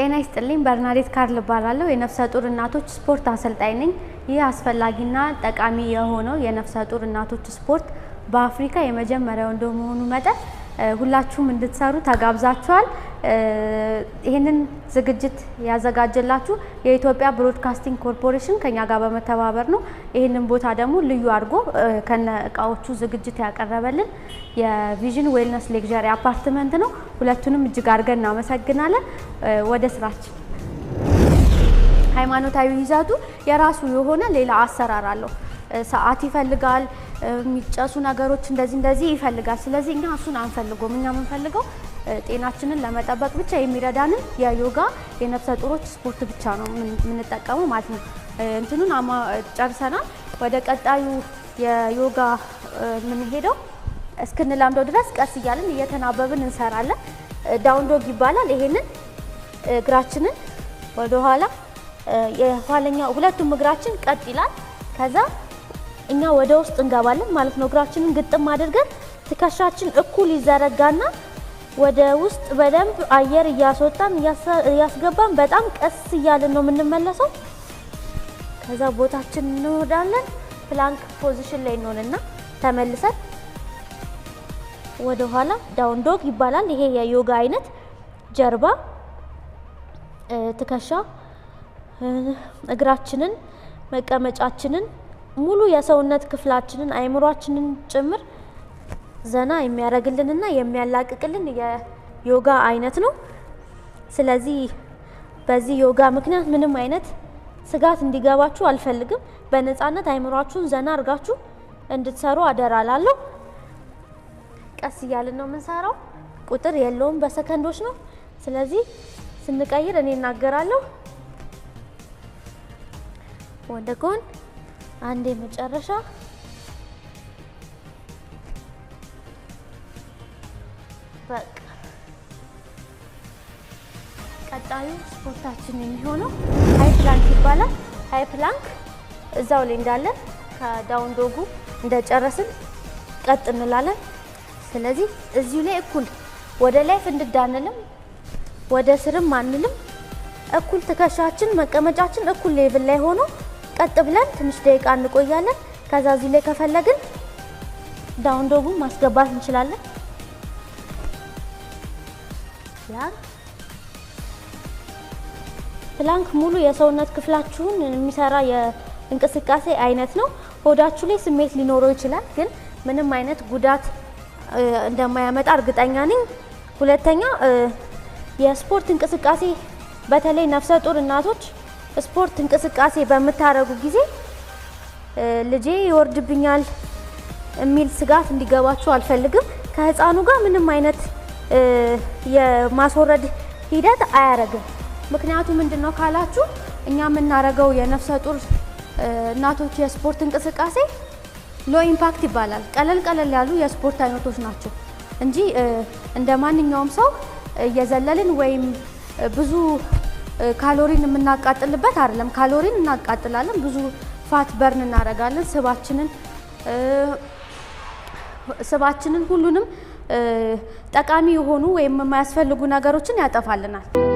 ጤና ይስጥልኝ። በርናዴት ካርል እባላለሁ። የነፍሰ ጡር እናቶች ስፖርት አሰልጣኝ ነኝ። ይህ አስፈላጊና ጠቃሚ የሆነው የነፍሰ ጡር እናቶች ስፖርት በአፍሪካ የመጀመሪያው እንደመሆኑ መጠን ሁላችሁም እንድትሰሩ ተጋብዛችኋል። ይህንን ዝግጅት ያዘጋጀላችሁ የኢትዮጵያ ብሮድካስቲንግ ኮርፖሬሽን ከኛ ጋር በመተባበር ነው። ይህንን ቦታ ደግሞ ልዩ አድርጎ ከነ እቃዎቹ ዝግጅት ያቀረበልን የቪዥን ዌልነስ ሌክዠሪ አፓርትመንት ነው። ሁለቱንም እጅግ አድርገን እናመሰግናለን። ወደ ስራችን ሃይማኖታዊ ይዘቱ የራሱ የሆነ ሌላ አሰራር አለው። ሰዓት ይፈልጋል። የሚጨሱ ነገሮች እንደዚህ እንደዚህ ይፈልጋል። ስለዚህ እኛ እሱን አንፈልገውም። እኛ የምንፈልገው ጤናችንን ለመጠበቅ ብቻ የሚረዳንን የዮጋ የነፍሰ ጡሮች ስፖርት ብቻ ነው የምንጠቀመው ማለት ነው። እንትኑን ጨርሰናል። ወደ ቀጣዩ የዮጋ የምንሄደው እስክንላምደው ድረስ ቀስ እያለን እየተናበብን እንሰራለን። ዳውንዶግ ይባላል። ይሄንን እግራችንን ወደኋላ የኋለኛው ሁለቱም እግራችን ቀጥ ይላል። ከዛ እኛ ወደ ውስጥ እንገባለን ማለት ነው። እግራችንን ግጥም አድርገን ትከሻችን እኩል ይዘረጋና ወደ ውስጥ በደንብ አየር እያስወጣን እያስገባን በጣም ቀስ እያለን ነው የምንመለሰው። ከዛ ቦታችን እንወዳለን። ፕላንክ ፖዚሽን ላይ እንሆንና ተመልሰን ወደ ኋላ ዳውን ዶግ ይባላል። ይሄ የዮጋ አይነት ጀርባ ትከሻ፣ እግራችንን፣ መቀመጫችንን፣ ሙሉ የሰውነት ክፍላችንን አይምሯችንን ጭምር ዘና የሚያደርግልንና የሚያላቅቅልን የዮጋ አይነት ነው። ስለዚህ በዚህ ዮጋ ምክንያት ምንም አይነት ስጋት እንዲገባችሁ አልፈልግም። በነፃነት አይምሯችሁን ዘና አድርጋችሁ እንድትሰሩ አደራ ላለሁ። ቀስ እያልን ነው የምንሰራው፣ ቁጥር የለውም፣ በሰከንዶች ነው። ስለዚህ ስንቀይር እኔ እናገራለሁ ወደ ጎን አንዴ መጨረሻ በቃ ቀጣዩ ስፖርታችን የሚሆነው ሀይ ፕላንክ ይባላል። ሀይ ፕላንክ እዛው ላይ እንዳለ ከዳውን ዶጉ እንደጨረስን ቀጥ እንላለን። ስለዚህ እዚሁ ላይ እኩል ወደ ላይ ፍንድድ አንልም። ወደ ስርም አንልም። እኩል ትከሻችን መቀመጫችን እኩል ሌቭል ላይ ሆኖ ቀጥ ብለን ትንሽ ደቂቃ እንቆያለን። ከዛ እዚህ ላይ ከፈለግን ዳውን ዶጉ ማስገባት እንችላለን። ፕላንክ ፕላንክ ሙሉ የሰውነት ክፍላችሁን የሚሰራ የእንቅስቃሴ አይነት ነው። ሆዳችሁ ላይ ስሜት ሊኖረው ይችላል፣ ግን ምንም አይነት ጉዳት እንደማያመጣ እርግጠኛ ነኝ። ሁለተኛ የስፖርት እንቅስቃሴ በተለይ ነፍሰ ጡር እናቶች ስፖርት እንቅስቃሴ በምታደርጉ ጊዜ ልጄ ይወርድብኛል የሚል ስጋት እንዲገባችሁ አልፈልግም። ከህፃኑ ጋር ምንም አይነት የማስወረድ ሂደት አያረግም። ምክንያቱ ምንድን ነው ካላችሁ እኛ የምናደርገው የነፍሰ ጡር እናቶች የስፖርት እንቅስቃሴ ሎ ኢምፓክት ይባላል። ቀለል ቀለል ያሉ የስፖርት አይነቶች ናቸው እንጂ እንደ ማንኛውም ሰው እየዘለልን ወይም ብዙ ካሎሪን የምናቃጥልበት አይደለም። ካሎሪን እናቃጥላለን፣ ብዙ ፋት በርን እናደርጋለን። ስባችንን ስባችንን ሁሉንም ጠቃሚ የሆኑ ወይም የማያስፈልጉ ነገሮችን ያጠፋልናል።